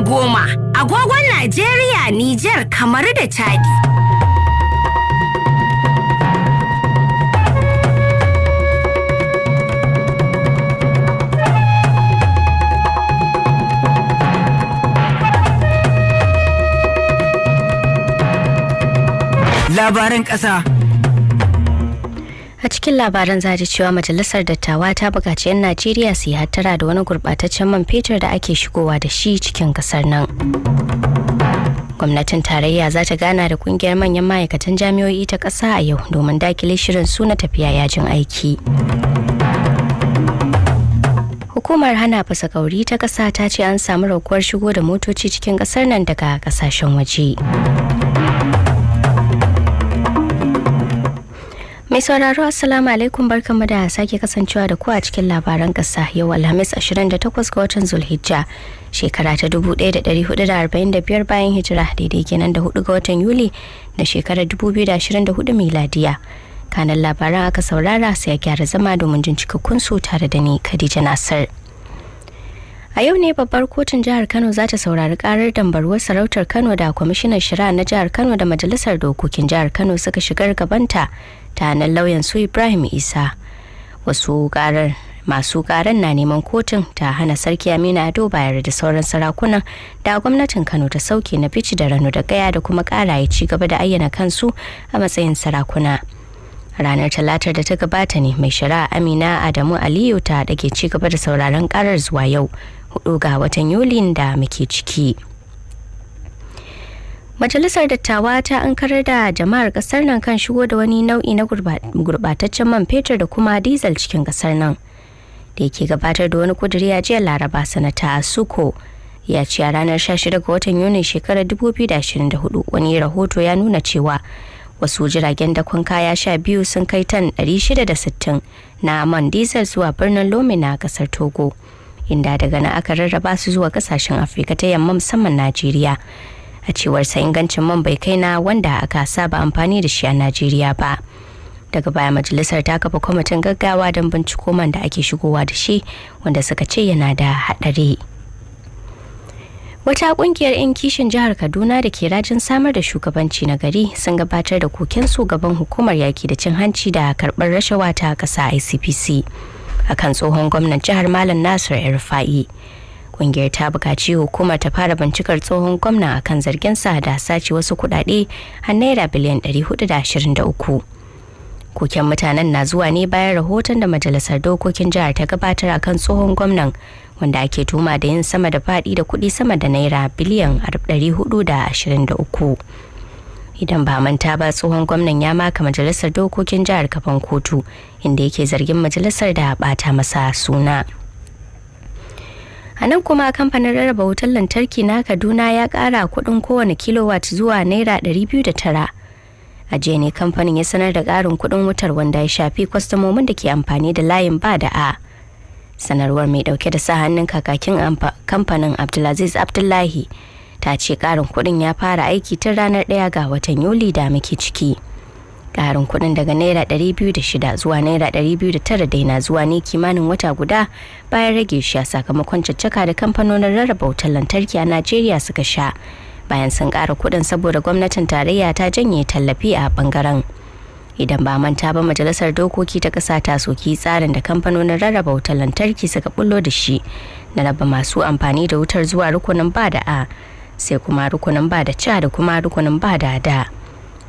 goma agogon Najeriya, Nijar, kamar da Chadi. Labaran ƙasa a cikin labaran zaji cewa majalisar dattawa ta buƙaci 'yan najeriya su yi hattara da wani gurɓataccen man fetur da ake shigowa da shi cikin ƙasar nan gwamnatin tarayya za ta gana da ƙungiyar manyan ma'aikatan jami'o'i ta ƙasa a yau domin dakile shirin su na tafiya yajin aiki hukumar hana fasakauri ta ƙasa ta ce an samu raukuwar shigo da motoci cikin ƙasar nan daga ƙasashen waje Mai sauraro Assalamu alaikum barkanmu da sake kasancewa da ku a cikin labaran ƙasa yau Alhamis 28 ga watan Zulhijja shekara ta 1445 bayan hijira daidai kenan da 4 ga watan Yuli da shekarar 2024 miladiya. Kanan labaran aka saurara sai ya gyara zama domin jin cikakkun su tare da ni Khadija Nasir. a yau ne babbar kotun jihar kano za ta saurari karar dambarwar sarautar kano da kwamishinan shari'a na jihar kano da majalisar dokokin jihar kano suka shigar gabanta ta hannun lauyan su ibrahim isa wasu karar masu karar na neman kotun ta hana sarki aminu ado bayar da sauran sarakunan da gwamnatin kano ta sauke na bici da rano da gaya da kuma karaye ci gaba da ayyana kansu a matsayin sarakuna ranar talatar da ta gabata ne mai shari'a amina adamu aliyu ta dake ci gaba da sauraron karar zuwa yau 4 ga watan yulin da muke ciki majalisar dattawa ta ankarar da jama'ar kasar nan kan shigo da wani nau'i na gurbataccen man fetur da kuma diesel cikin kasar nan da yake gabatar da wani kudiri a jiya laraba sanata suko ya ce a ranar 16 ga watan yuni shekarar 2024 wani rahoto ya nuna cewa wasu jiragen dakon kaya sha biyu sun kai tan 660 na man diesel zuwa birnin lomina na kasar togo inda daga nan aka rarraba su zuwa kasashen afirka ta yamma musamman najeriya a cewar sa ingancin man bai kai na wanda aka saba amfani da shi a najeriya ba daga baya majalisar ta kafa kwamitin gaggawa don binciko man da ake shigowa da shi wanda suka ce yana da haɗari. Wata kungiyar 'yan kishin jihar Kaduna da ke rajin samar da shugabanci na gari sun gabatar da kokensu gaban hukumar yaki da cin hanci da karɓar rashawa ta ƙasa ICPC. akan tsohon gwamnan jihar malam nasir irfa'i kungiyar ta bukaci hukumar ta fara bincikar tsohon gwamna akan zargin sa da sace wasu kudade a naira biliyan 423 koken mutanen na zuwa ne bayan rahoton da majalisar dokokin jihar ta gabatar akan tsohon gwamnan wanda ake tuma da yin sama da fadi da kuɗi sama da naira biliyan 423 idan ba manta ba tsohon gwamnan ya maka majalisar dokokin jihar kafan kotu inda yake zargin majalisar da bata masa suna a nan kuma kamfanin rarraba wutar lantarki na kaduna ya kara kudin kowane kilowatt zuwa naira 209 a jiya ne kamfanin ya sanar da karin kudin wutar wanda ya shafi kwastamomin da ke amfani da layin ba da a sanarwar mai dauke da sa hannun kakakin kamfanin abdulaziz abdullahi ta ce karin kudin ya fara aiki tun ranar ɗaya ga watan yuli da muke ciki karin kudin daga naira 206 zuwa naira 209 daina zuwa ne kimanin wata guda bayan rage shi a sakamakon caccaka da kamfanonin rarraba wutar lantarki a najeriya suka sha bayan sun kara kudin saboda gwamnatin tarayya ta janye tallafi a bangaren idan ba manta ba majalisar dokoki ta kasa ta soki tsarin da kamfanonin rarraba wutar lantarki suka bullo da shi na raba masu amfani da wutar zuwa rukunin ba da a sai kuma rukunin ba da ca da kuma rukunin ba da da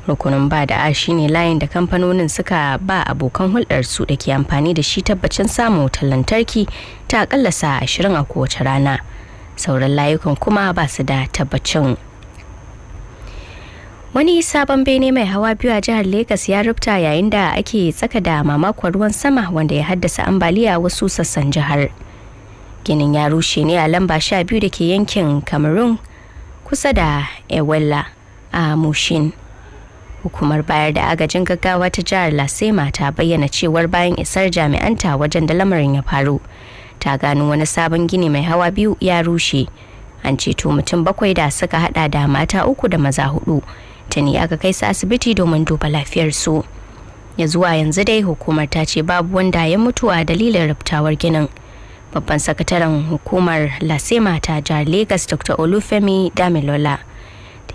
rukunin ba da a shine layin da kamfanonin suka ba abokan hulɗarsu da ke amfani da shi tabbacin samun wutar lantarki ta akalla sa ashirin a kowace rana sauran layukan kuma ba su da tabbacin wani sabon bene mai hawa biyu a jihar lagos ya rubuta yayin da ake tsaka da mamakon ruwan sama wanda ya haddasa ambaliya wasu sassan jihar ginin ya rushe ne a lamba 12 da ke yankin cameroon kusa da ewella a mushin hukumar bayar da agajin gaggawa ta jihar lasema ta bayyana cewar bayan isar jami'anta wajen da lamarin ya faru ta gano wani sabon gini mai hawa biyu ya rushe an ceto mutum bakwai da suka hada da mata uku da maza hudu tuni aka kai su asibiti domin duba lafiyarsu ya zuwa yanzu dai hukumar ta ce babu wanda ya mutu a dalilin rubtawar ginin babban sakataren hukumar lasema ta jihar lagos dr olufemi damilola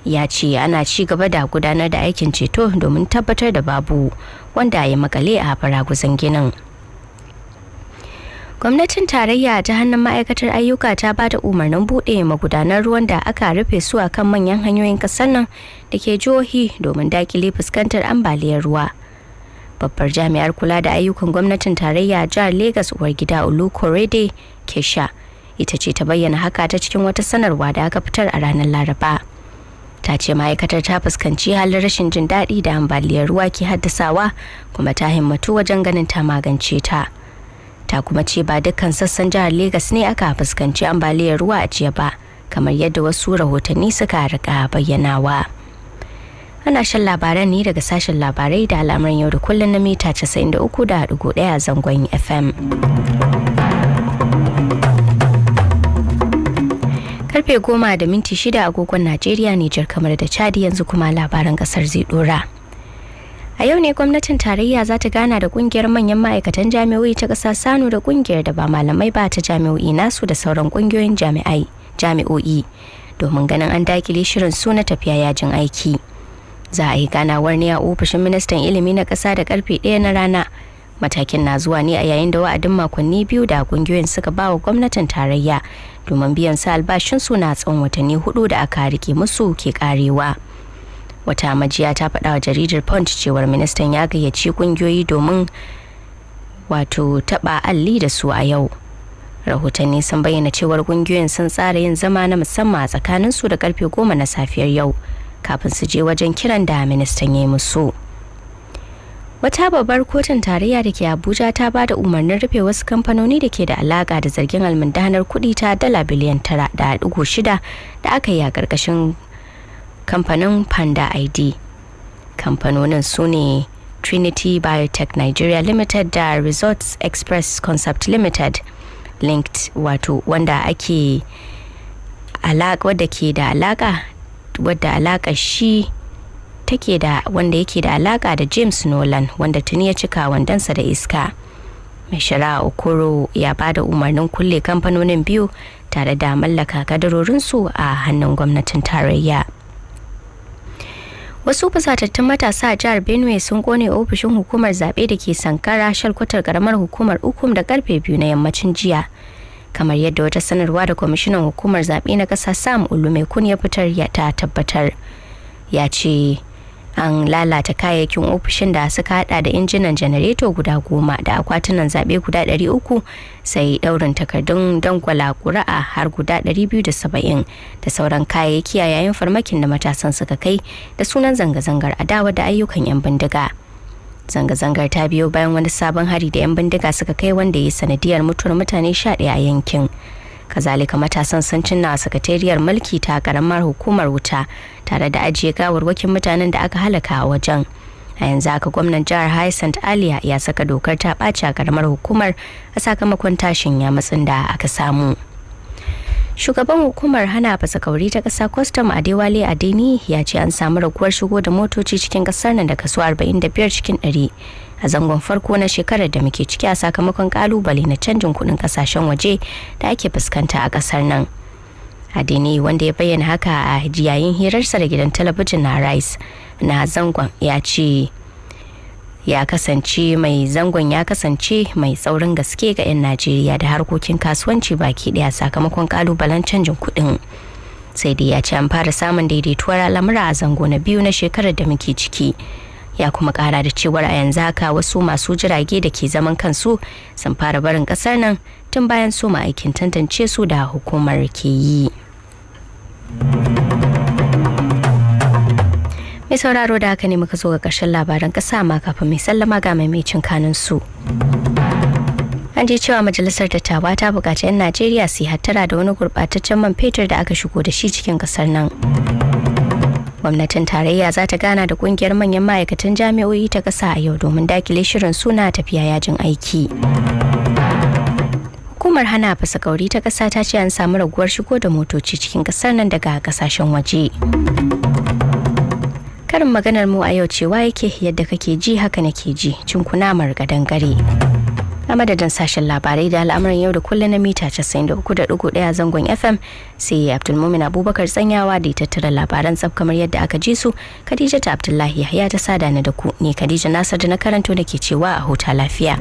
ya ce ana ci gaba da gudanar da aikin ceto domin tabbatar da babu wanda ya makale a baraguzan ginin gwamnatin tarayya ta hannun ma'aikatar ayyuka ta ba da umarnin buɗe magudanar ruwan da aka rufe su a kan manyan hanyoyin ƙasar nan da ke jihohi domin dakile fuskantar ambaliyar ruwa babbar jami'ar kula da ayyukan gwamnatin tarayya jihar Legas Uwargida Olukorede Kesha ita ce ta bayyana haka ta cikin wata sanarwa da aka fitar a ranar Laraba. ta ce ma'aikatar ta fuskanci halin rashin jin daɗi da ambaliyar ruwa ke haddasawa kuma ta himmatu wajen ganin ta magance ta ta kuma ce ba dukkan sassan jihar Legas ne aka fuskanci ambaliyar ruwa a jiya ba kamar yadda wasu rahotanni suka rika bayyanawa. ana shan labaran ne daga sashen labarai da al'amuran yau da kullum na mita 93.1 a zangon fm karfe goma da minti shida agogon najeriya nijar kamar da chadi yanzu kuma labaran kasar zai dora a yau ne gwamnatin tarayya za ta gana da kungiyar manyan ma'aikatan jami'o'i ta kasa sanu da kungiyar da ba malamai ba ta jami'o'i nasu da sauran kungiyoyin jami'o'i domin ganin an dakile shirin su na tafiya yajin aiki za a yi ganawar ne a ofishin ministan ilimi na ƙasa da karfe ɗaya na rana matakin na zuwa ne a yayin da wa'adin makonni biyu da kungiyoyin suka ba wa gwamnatin tarayya domin biyan su albashinsu na tsawon watanni hudu da aka rike musu ke karewa wata majiya ta faɗa wa jaridar punch cewar ministan ya gayyaci kungiyoyi domin wato taɓa alli da su a yau rahotanni sun bayyana cewar kungiyoyin sun tsara yin zama na musamman a tsakaninsu da karfe goma na safiyar yau kafin su je wajen kiran da ministan ya yi musu wata babbar kotun tarayya da ke abuja ta ba da umarnin rufe wasu kamfanoni da ke da alaƙa da zargin almundanar kuɗi ta dala biliyan tara da shida da aka yi a ƙarƙashin kamfanin panda id kamfanonin su ne trinity biotech nigeria limited da resorts express concept limited linked wato wanda ake wadda ke da alaka wadda alaƙa shi take da wanda yake da alaƙa da james nolan wanda tuni ya cika wandonsa da iska mai shari'a okoro ya ba da umarnin kulle kamfanonin biyu tare da mallaka kadarorinsu a hannun gwamnatin tarayya wasu fusatattun matasa a jihar benue sun kone ofishin hukumar zaɓe da ke sankara shalkwatar karamar hukumar ukum da karfe biyu na yammacin jiya kamar yadda wata sanarwa da kwamishinan hukumar zaɓe na ƙasa sam ulu mai kun ya fitar ya ta tabbatar ya ce an lalata kayayyakin ofishin da suka hada da injinan janareto guda goma da akwatunan zaɓe guda ɗari uku sai ɗaurin takardun dangwala ƙuri'a har guda ɗari biyu da saba'in da sauran kayayyaki a yayin farmakin da matasan suka kai da sunan zanga-zangar adawa da ayyukan 'yan bindiga. zanga-zangar ta biyo bayan wani sabon hari da 'yan bindiga suka kai wanda ya sanadiyar mutuwar mutane 11 a yankin kazalika matasan sun cinna a sakatariyar mulki ta karamar hukumar wuta tare da ajiye gawarwakin mutanen da aka halaka a wajen a yanzu haka gwamnan jihar high st aliya ya saka dokar ta ɓaci a karamar hukumar a sakamakon tashin ya matsin da aka samu shugaban hukumar hana Fasa-Kauri ta ƙasa kwastam a adewale adeni ya ce an samu raguwar shigo da motoci cikin ƙasar nan da kaso 45 cikin 100 a zangon farko na shekarar da muke ciki a sakamakon kalubale na canjin kudin kasashen waje da ake fuskanta a ƙasar nan adeni wanda ya bayyana haka a yayin hirarsa da gidan talabijin na rice na zangon ya ce ya kasance mai zangon ya kasance mai tsaurin gaske ga 'yan najeriya da harkokin kasuwanci baki daya sakamakon kalubalen canjin kuɗin sai dai ya ce an fara samun daidaituwar al'amura a zango na biyu na shekarar da muke ciki ya kuma kara da cewar a yanzu haka wasu masu jirage da ke zaman kansu sun fara barin kasar nan tun bayan ma aikin tantance su da hukumar ke yi. mai sauraro da haka ne muka zo ga ƙarshen labaran ƙasa ma kafin mai sallama ga maimacin kanin su an je cewa majalisar dattawa ta buƙaci 'yan najeriya su yi hattara da wani gurɓataccen man fetur da aka shigo da shi cikin ƙasar nan gwamnatin tarayya za ta gana da kungiyar manyan ma'aikatan jami'o'i ta ƙasa a yau domin dakile shirin suna tafiya yajin aiki hukumar hana fasakauri ta ƙasa ta ce an samu raguwar shigo da motoci cikin ƙasar nan daga ƙasashen waje karin maganar mu a yau cewa yake yadda kake ji haka nake ji cinkuna margadan gare a madadin sashen labarai da al'amuran yau da kullum na mita 93.1 zangon fm sai abdulmumin abubakar tsanyawa da tattara labaran tsab kamar yadda aka ji su khadija ta abdullahi ya ta sada ni da ku ne khadija nasar da na karanto da ke cewa a huta lafiya